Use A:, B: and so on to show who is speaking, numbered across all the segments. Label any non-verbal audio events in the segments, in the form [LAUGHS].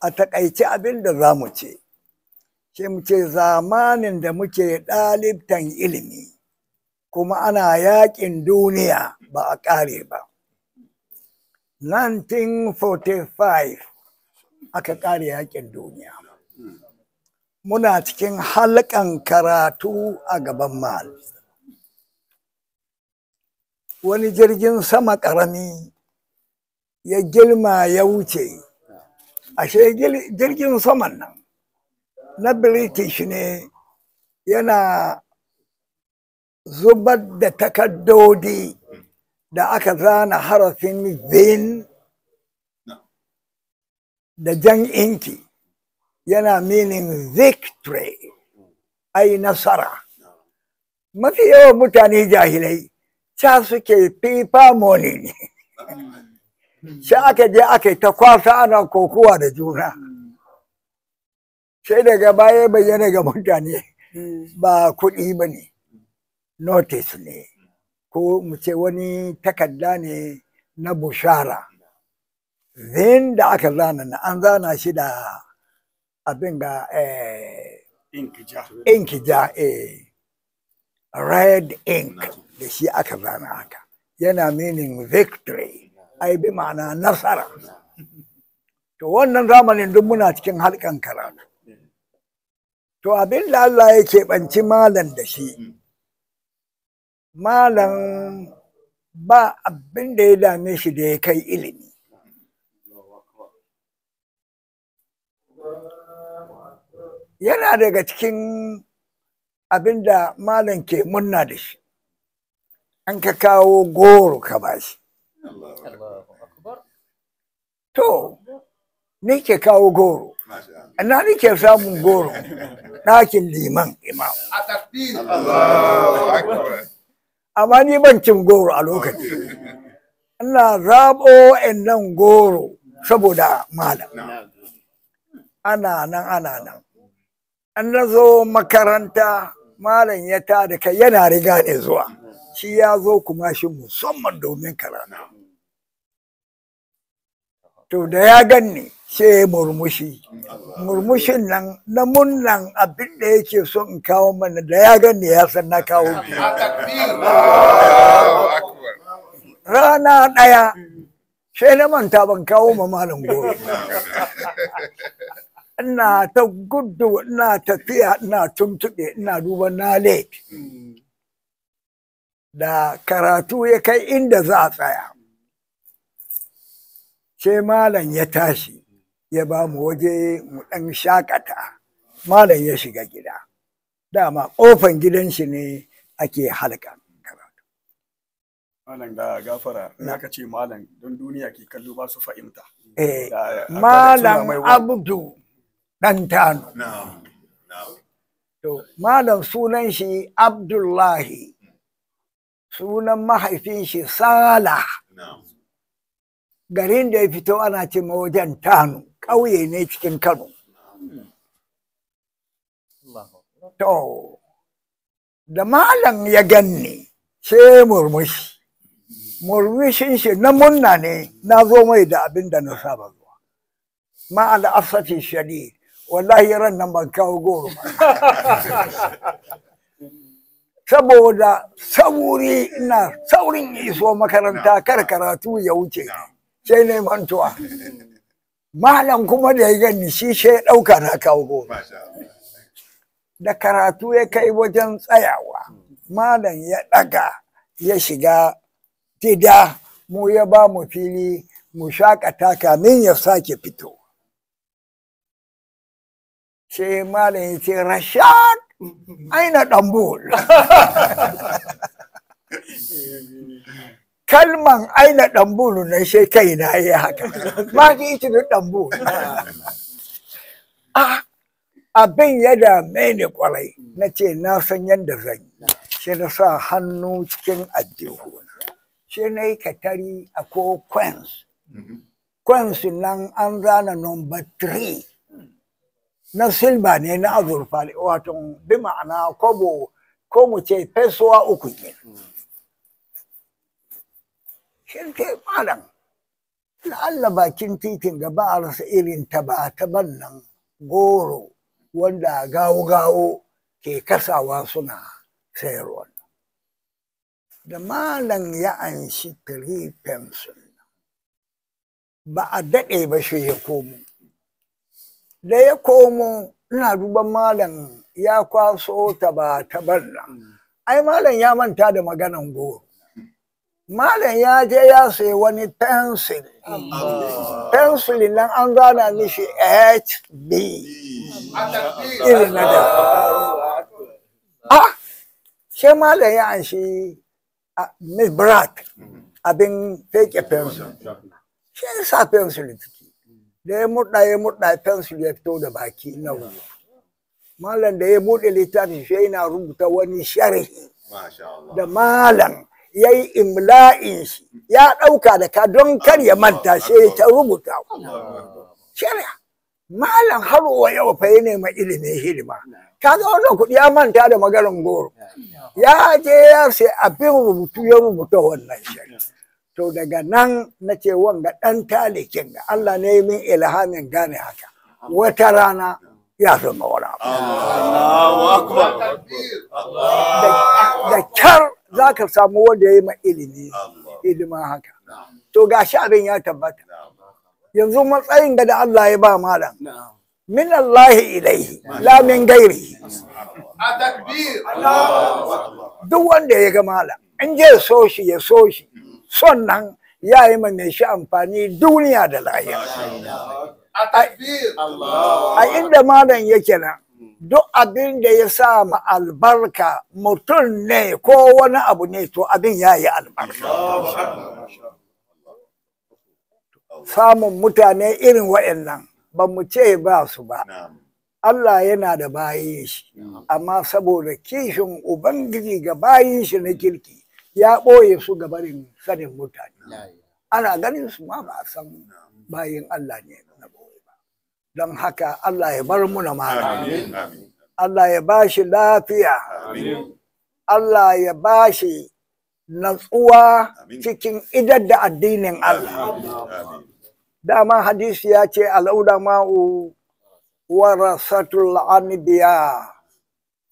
A: a takaice abin da za mu ce sai mu ce zamanin da muke ɗalibtan ilimi kuma ana yaƙin duniya ba a ƙare ba 1945 aka ƙare yaƙin duniya muna cikin halkan karatu a gaban mal wani jirgin sama ƙarami ya girma ya wuce ashe jirgin saman nan na british ne yana zubar da takaddodi da aka zana harafin zin da jan inki yana minin victory ai nasara mafi yawan mutane jahilai ca suke fifa money ne sai aka je aka ta kwasa ana kokowa da juna sai daga baya bayyana ga mutane ba kuɗi ba ne notice ne ko mu ce wani takarda ne na bushara zin da aka zana na an zana shi da abin ga eh, inkija eh, red ink da shi aka zana haka yana meaning victory ai bi ma'ana nasara to wannan zamanin duk muna cikin halkan karatu to abin da Allah ya keɓanci malam da shi malam ba abin da ya dame shi da ya kai ilimi yana daga cikin abin da malam ke munna da shi an ka kawo goro ka bashi to ni kawo goro ina ni samun goro ɗakin liman imam amma ni ban cin goro a lokaci ina zaɓo nan goro saboda malam ana nan ana nan an na makaranta malam ya tada kai yana riga ne zuwa shi ya zo kuma shi musamman domin karana. To da ya ganni sai murmushi, murmushin nan na munnan abin da yake so in kawo mana da ya ganni ya san na kawo Rana ɗaya sai na manta ban kawo ma malam gobe. Ina ta gudu, ina tafiya, ina tuntuɓe, ina duba na late. da karatu ya kai inda za a tsaya sai malam ya tashi ya ba mu waje mu ɗan shakata malam ya shiga gida dama ƙofan gidan shi ne ake halka karatu
B: malam da gafara na ka ce malam don duniya ke kallo ba su fahimta eh malam
A: abdu ɗan tano malam sunan shi abdullahi sunan mahaifin shi sala garin da ya fito ana ce wajen tanu ƙauye ne cikin kano to da malam ya ganni sai murmushi murmushin shi na munna ne na zo mai da abin da na saba zuwa ma al'asafi shadi wallahi ran nan ban kawo goro [LAUGHS] saboda sauri ina saurin iso makaranta kar karatu ya wuce sai ne mantuwa malam kuma da ya gani shi sai ya ɗauka na kawo da karatu ya kai wajen tsayawa malam ya ɗaga ya shiga tida mu ya ba mu fili mu shakata kamin ya sake fito sai malam ya ce rashad aina dambul [LAUGHS] kalman aina dambul na shi kai na yi haka ma ki ita da A ah, abin ya dame ni kwarai na ce na san yadda zan yi shi na sa hannu cikin addihu shi na yi katari a ko kwens kwens mm-hmm. nan an zana number 3 na silba ne na azurfa wato bi ma'ana kobo ko mu ce fesuwa uku ke shirke malam la'alla bakin titin gaba a rasa irin taba ta nan goro wanda gawo-gawo ke kasawa suna sayarwa da malam ya anshi 3 ba a daɗe ba shi ya komo da ya komo ina duban malam ya kwaso ba ta mm. ai malam ya manta da maganan goro malam ya je ya sayi wani pencil pencil nan an gana mishi hb irin ah! malam ya an shi miss brat mm. abin fake pencil mm. shi sa pencil da ya murɗa ya murɗa fensu ya fito da baki na ruwa malam da ya buɗe littafin shi yana rubuta wani sharhi da malam ya yi imla'in shi ya ɗauka da ka don kar ya manta shi ta rubuta shari'a malam har wa yau fa ya nema ilimin hidima ka ga wannan kuɗi ya manta da maganin goro ya je ya sai abin rubutu ya rubuta wannan shari'a to daga nan na ce wanga ɗan talikin ga Allah ne min ilhamin gane haka wata rana ya zama wani abu da kyar za ka samu wanda ya yi ma ilimi ilimin haka to gashi abin ya tabbata yanzu matsayin da da Allah ya ba malam min Allah ilaihi la min gairi duk wanda ya ga malam in je so shi ya so shi son nan ya yi ma mai shi amfani duniya da lahira a inda malam yake nan duk abin da ya sa ma albarka mutum ne ko wani abu ne to abin ya yi albarka samun mutane irin wa'annan ba mu ce ba su ba Allah yana da bayin shi amma saboda kishin ubangiji ga bayin shi na kirki ya ɓoye su gabarin sanin mutane ana ganin su ma ba a san bayin Allah ne na ɓoye ba don haka Allah ya bar mu na mara Allah ya ba shi lafiya Allah ya ba shi natsuwa cikin idar da addinin Allah dama hadisi ya ce ma'u warasatul anbiya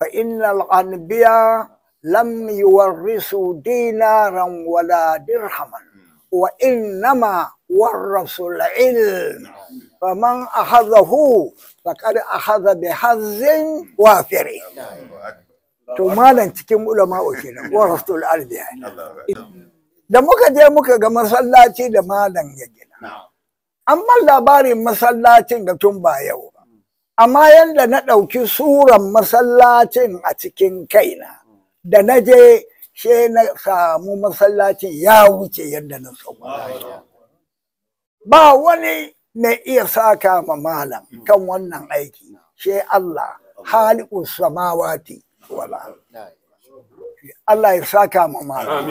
A: fa innal anbiya لم يورثوا دينارا ولا درهما وإنما ورثوا العلم فمن أخذه فقد أخذ بحظ وافر ثم to malam cikin ulama'u ورثوا الارض يعني da muka je muka ga masallaci da malam ya gina amma labarin masallacin ga tun ba yau amma yanda na dauki suran masallacin a cikin kaina da na je she na samu masallacin ya wuce yadda na so ba wani mai iya saka ma malam kan wannan aiki she Allah haliku samawati wala Allah ya saka ma malam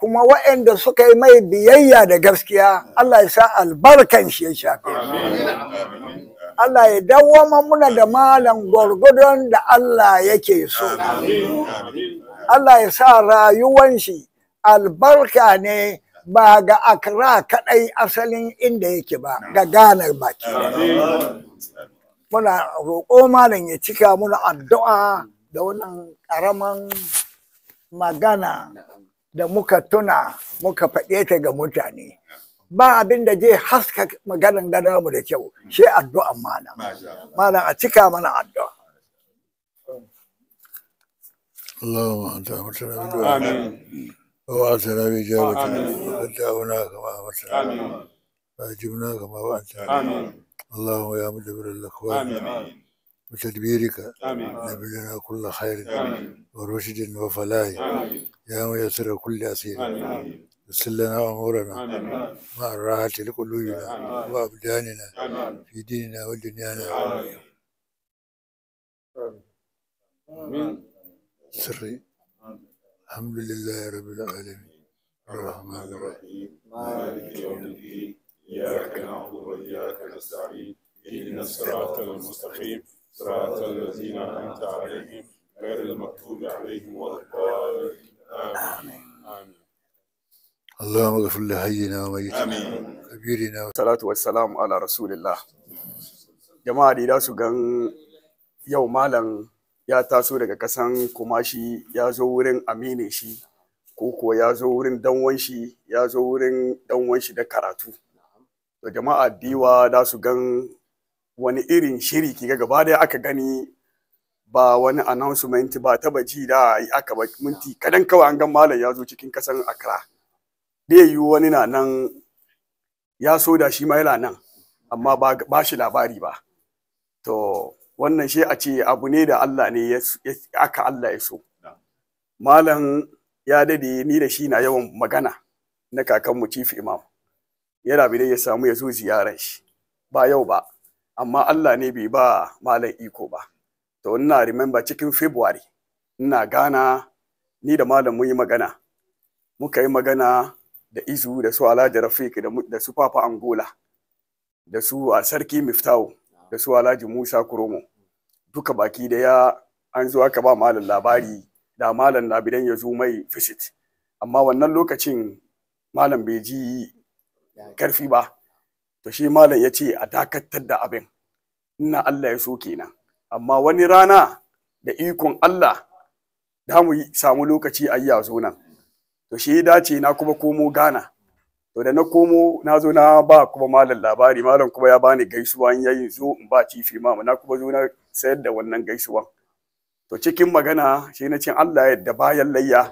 A: kuma waɗanda suka yi mai biyayya da gaskiya Allah ya sa albarkan shi ya shafe Allah ya dawo muna da malam gwargwadon da Allah yake so. Allah ya sa rayuwan shi albarka ne ba ga akra kaɗai asalin inda yake ba ga ganar baki. Muna roƙo malam ya cika muna addu'a da wannan ƙaraman magana da muka tuna muka faɗe ta ga mutane. ba abin da zai haska maganan da namu da kyau shi addu'a mana mana a cika mana addu'a اللهم انت امرتنا بدعاء ووعدتنا باجابتك ودعونا كما امرتنا فاجبنا كما وعدتنا اللهم يا مدبر الاكوان بتدبيرك نبلنا كل خير ورشد وفلاح يا ميسر كل اسير وسلنا لنا امورنا آمين. مع الراحه لقلوبنا وابداننا في ديننا ودنيانا
C: امين امين سري الحمد لله رب العالمين الرحمن الرحيم مالك يوم الدين اياك نعبد واياك نستعين اهدنا الصراط المستقيم صراط الذين انعمت عليهم
B: غير المكتوب عليهم ولا الضالين امين
A: اللهم اغفر لحينا وميتنا كبيرنا
B: Salatu والسلام على رسول الله jama'a da su gan yau malam ya taso daga kasan kumashi ya zo wurin aminin shi ko kuwa ya zo wurin danwan shi ya zo wurin danwan shi da karatu to jama'a diwa da su gan wani irin shiri kiga gaba da aka gani ba wani announcement ba ta baji da aka ba minti kadan kawai an gan malam ya zo cikin kasan Accra bai yi wani na nan ya so da shi ma yana nan amma ba shi labari ba to wannan shi a ce abu ne da Allah ne aka Allah ya so malam ya dade ni da shi na yawan magana na mu chief imam yana bi ya samu ya zo ziyarar shi ba yau ba amma Allah ne bai ba malam iko ba to ina remember cikin february ina gana ni da malam mun yi magana muka yi magana da izu, da su alhaji Rafiq, da su papa angola da su a sarki miftawo da su alhaji musa kuromo duka baki da ya an zo aka ba malam labari da malam labidan ya zo mai visit amma wannan lokacin malam bai ji karfi ba to shi malam ya ce a dakatar da abin ina Allah ya so kenan amma wani rana da ikon Allah da mu samu lokaci a yi zo nan to shi dace na kuma komo Ghana to da na komo na zo na ba kuma malam labari malam kuma ya bani gaisuwa in yayi zo in ba chief imam na kuma zo na sayar da wannan gaisuwa to cikin magana shi na cin Allah ya yarda bayan layya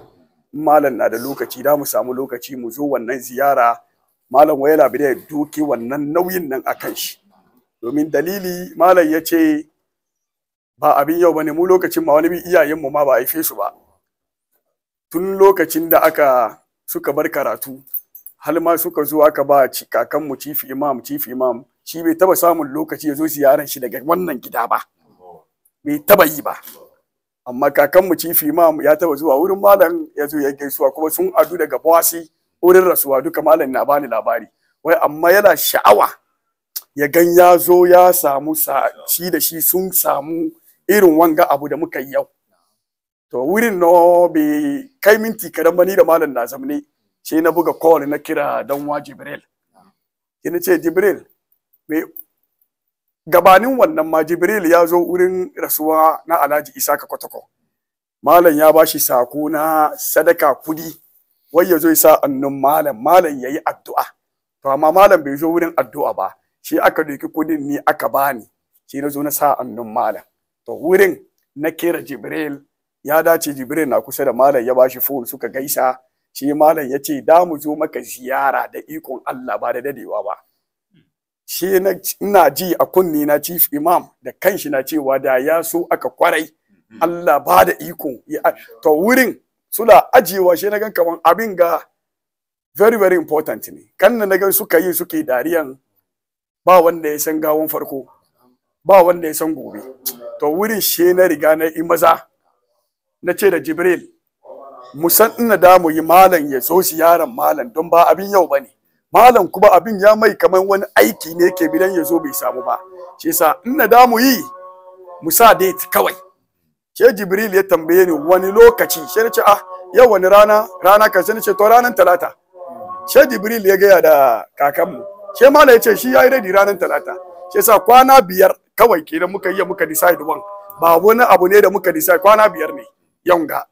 B: in malam na da lokaci da mu samu lokaci mu zo wannan ziyara malam waya labi da duki wannan nauyin nan akan shi domin dalili malam ya ce ba abin yau bane mu lokacin ma wani bi mu ma ba a haife su ba tun lokacin da aka suka bar karatu har ma suka zo aka ba kakanmu chief imam chief imam shi bai taba samun lokaci ya zo ziyaran shi daga wannan gida ba bai taba yi ba amma kakanmu chief imam ya taba zuwa wurin malam ya ya gaisuwa kuma sun adu daga bawasi wurin rasuwa duka malam na bani labari wai amma yana sha'awa ya gan ya zo ya samu shi da shi sun samu irin wanga abu da muka yi yau to wurin no bai kai minti kadan ba ni da malam na zamne sai na buga call na kira dan wa jibril ina ce jibril me gabanin wannan ma jibril ya zo wurin rasuwa na alhaji isaka kwatako malam ya bashi sako na sadaka kudi wai ya zo ya annun malam malam yayi addu'a to amma malam bai zo wurin addu'a ba shi aka doki kudin ni aka bani shi na zo na sa annun malam to wurin na kira jibril ya dace jibril na kusa da malam ya bashi fon suka gaisa shi malam ya ce da mu zo maka ziyara da ikon Allah ba da dadewa ba shi ina ji a kunni na chief imam da kanshi na cewa da ya so aka kwarai mm-hmm. Allah ba da ikon to wurin suna ajiyewa shi na gan kaman abin ga very very important ne kan na gan suka yi suke dariyan ba wanda ya san gawon farko ba wanda ya san gobe to wurin shi na riga na yi maza na ce da jibril musan ina da mu yi malam ya zo ziyaran malam don ba abin yau bane malam kuma abin ya mai kamar wani aiki ne ke bidan ya zo bai samu ba shi yasa ina da mu yi musa date kawai ke jibril ya tambaye ni wani lokaci shi ce ah yau wani rana rana kan sai ce to ranar talata ce jibril ya gaya da kakanmu she mala ya ce shi ya yi radi ranar talata shi yasa kwana biyar kawai kenan muka yi muka decide one ba wani abu ne da muka decide kwana biyar ne Yonga,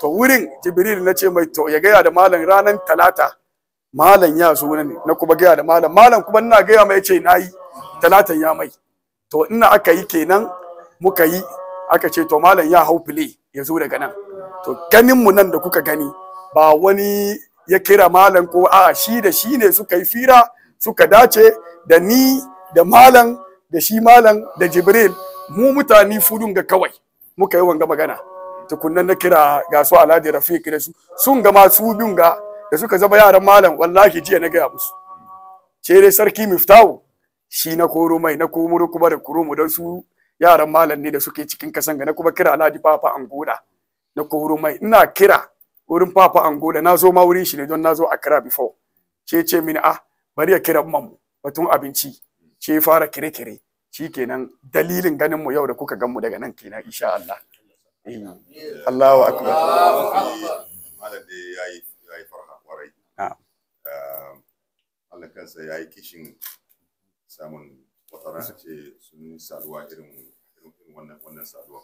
B: to wurin jibril na ce mai to ya gaya da malam ranar talata malam ya zo ne na kuma gaya da malam malam kuma ina gaya mai ce na talatan ya mai to ina aka yi kenan muka yi aka ce to malam ya hau fili ya zo daga nan to ganin mu nan da kuka gani ba wani ya kira malam ko a shi da shi ne suka yi fira suka dace da ni da malam da shi malam da jibril mu mutane fudun ga kawai muka yi wanga magana tukunnan na kira ga su alhaji rafiq da su sun gama su biyun ga da suka zama yaran malam wallahi jiya na gaya musu ce dai sarki miftahu shi na koro mai na komuru kuma da kuromo don su yaran malam ne da suke cikin kasan ga na kuma kira alhaji papa angola na koro mai ina kira wurin papa angola na zo ma wurin shi ne don na zo kira before ce ce mini ah bari ya kira mamu batun abinci ce fara kire-kire shi kenan dalilin ganin mu yau da kuka gan mu daga nan kenan insha Allah Allahu akbar.
C: Malam da ya yi ya yi farha kwarai. Ehm, Allah kansa ya yi kishin samun wata rana ce sun yi saduwa irin wannan wannan saduwa.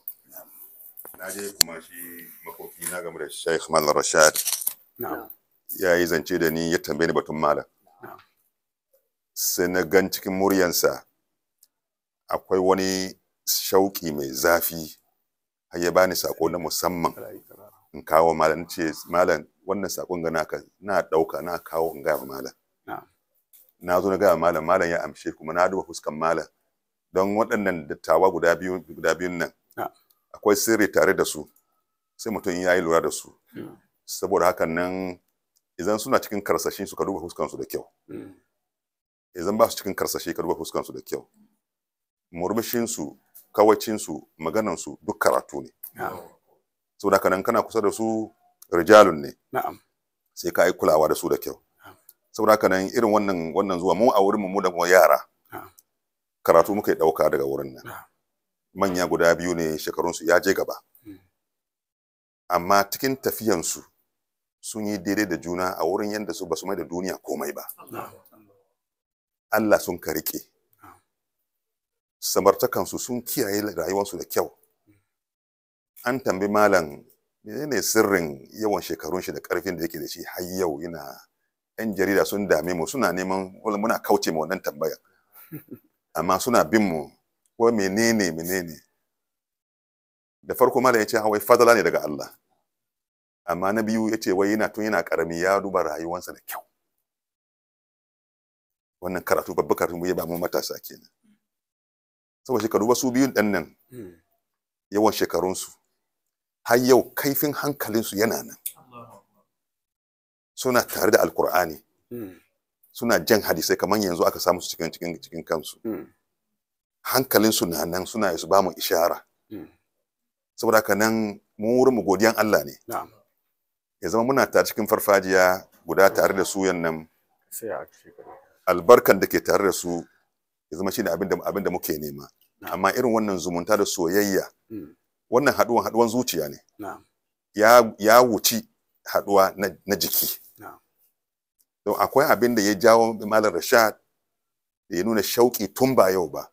C: Na je kuma shi makofi na game da Sheikh Malam Rashad. Ya yi zance da ni ya tambaye ni batun malam. Sai na gan cikin muryansa akwai wani shauƙi mai zafi har ya bani sako na musamman in kawo malam ce malam wannan sakon ga naka na dauka na kawo in gaya malam na zo na gaya malam malam ya amshe kuma na duba fuskan malam don waɗannan dattawa guda biyu guda biyun nan akwai sirri tare da su sai mutum ya yi lura da su hmm. saboda hakan nan idan suna cikin karsashi suka duba fuskan su da kyau hmm. idan ba su cikin karsashi ka duba fuskan su da kyau murmushin su. kawacinsu maganansu duk karatu ne so da kanan kana kusa da su rijalun ne sai ka yi kulawa da su da kyau saboda haka irin wannan wannan zuwa mu a wurin mu da yara karatu muka dauka daga wurin nan manya guda biyu ne shekarun su ya je gaba hmm. amma cikin tafiyan su sun yi daidai da juna a wurin yanda su basu mai da duniya komai ba Allah sun ka rike samartakansu sun kiyaye rayuwarsu da kyau an tambi malam menene sirrin yawan shekarun shi da karfin da yake da shi har yau yana yan jarida sun dame mu suna neman wala muna kauce ma wannan tambaya [LAUGHS] amma suna bin mu ko menene menene da farko malam ya ce hawai ah, fadala ne daga Allah amma na biyu ya ce wai yana tun yana karami ya duba rayuwarsa da kyau wannan karatu babbar karatu ya ba mu matasa kenan saboda shekaru wasu biyun ɗan nan hmm. yawan shekarunsu har yau kaifin hankalinsu yana nan suna tare da alkur'ani hmm. suna jan hadisai kamar yanzu aka samu su cikin cikin cikin kansu hmm. hankalinsu na nan suna yi su ba mu ishara saboda haka nan mu wurin mu godiyan Allah ne ya zama muna tare cikin farfajiya guda tare da su yannan albarkan da ke tare da su ya zama shine ne abinda abin da muke nema amma irin wannan zumunta da soyayya hmm. wannan haduwan haduwan zuciya ne ya ya wuci haduwa na jiki don akwai abin da ya jawo malam rashad da ya nuna shauki tun ba yau ba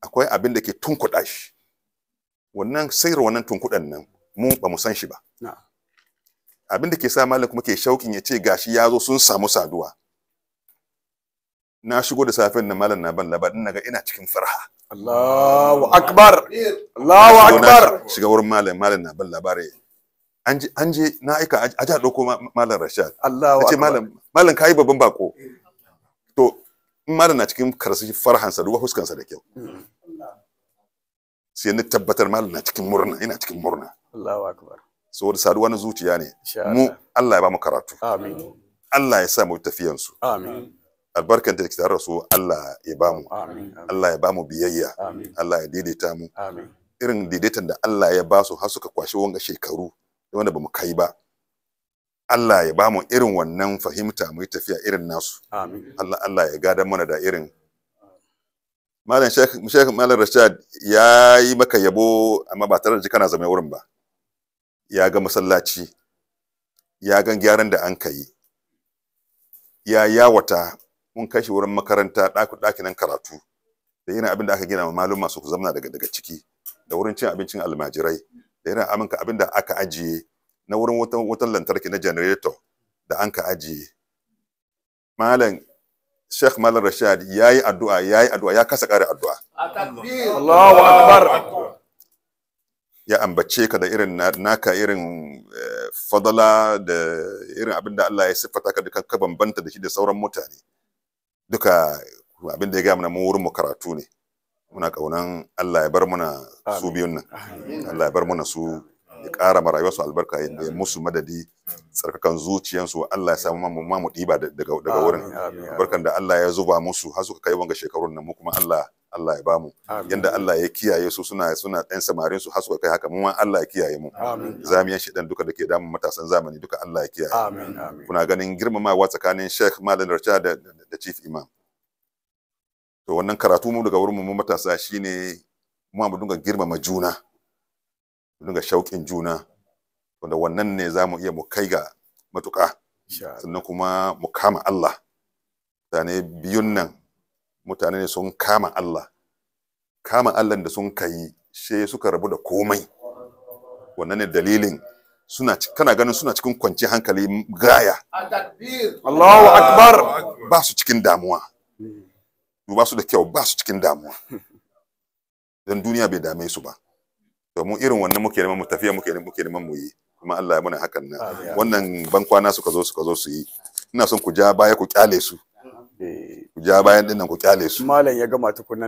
C: akwai abin da ke tunkuɗa shi wannan sayar wannan tunkuɗan nan mu ba mu san shi ba abin da ke sa malam kuma ke shaukin ya ce gashi ya zo sun samu saduwa na shigo da safen nan malam na ban na ga ina cikin farha
B: Allahu akbar Allahu akbar
C: shiga wurin malam malam na ban labari an je an je na aika a ja dauko malam Rashad Allahu akbar ce malam malam kai babban bako to malam na cikin karsashi farhansa duba huskansa da kyau sai ni tabbatar malam na cikin murna ina cikin murna
B: Allahu akbar
C: saboda saduwa na zuciya ne mu Allah ya ba mu karatu amin Allah ya sa mu tafiyansu amin albarkan da ke tare su Allah ya bamu Allah ya bamu biyayya Allah ya daidaita mu irin daidaitan da Allah ya ba su har suka kwashi wanga shekaru wanda bamu kai ba Allah ya bamu irin wannan fahimta mu yi tafiya irin nasu Allah Allah ya gada mana da irin Malam Sheikh Sheikh Malam Rashad ya yi maka yabo amma ba tare da kana zama wurin ba ya ga masallaci ya gan gyaran da an kai ya yawata mun kashe wurin makaranta ɗakinan karatu da irin abin da aka gina wa malum masu ku zamana daga daga ciki da wurin cin abincin almajirai da irin aminka abin da aka ajiye na wurin wutan lantarki na generator da an ka ajiye malam Sheikh Malam Rashad ya yi addu'a ya yi addu'a ya kasa kare addu'a. Allahu Akbar. Ya ambace ka da irin naka irin eh, fadala da irin abin da Allah ya siffata ka duka ka bambanta da shi da sauran mutane. duka abin da ya gaya mana mu wurin mu karatu ne muna kaunan Allah ya bar muna su biyun nan Allah ya bar muna su ya ƙara ma rayuwarsu albarka yadda ya musu madadi tsarkakan zuciyansu Allah ya samu mamu mamu ɗiba daga wurin barkan da Allah ya zuba musu har suka kai wanga shekarun nan mu kuma Allah Allah ya bamu yanda Allah ya kiyaye su suna suna ɗan samarin su hasu kai haka mu ma Allah ya kiyaye mu zamiyan dan duka dake damun matasan zamani duka Allah ya kiyaye amin kuna ganin girmamawa tsakanin Sheikh Malam Racha da, da Chief Imam to wannan karatu mu daga wurin mu matasa shine mu mu dinga girmama juna mu dinga shauƙin juna wanda wannan ne zamu iya mu kai ga matuƙa sannan kuma mu kama Allah mutane biyun nan mutane ne sun kama Allah kama Allah da sun kai she suka rabu da komai wannan ne dalilin suna kana ganin suna cikin kwanci hankali gaya Allahu akbar ba su cikin damuwa ba su da kyau ba su cikin damuwa don duniya bai dame su ba to mu irin wannan muke neman mu tafiya muke muke neman mu yi kuma Allah ya muna hakan nan wannan bankwana suka zo suka zo su yi ina son ku ja baya ku kyale su Eh, ku ja bayan dinnan ku kyale su malam ya gama tukunan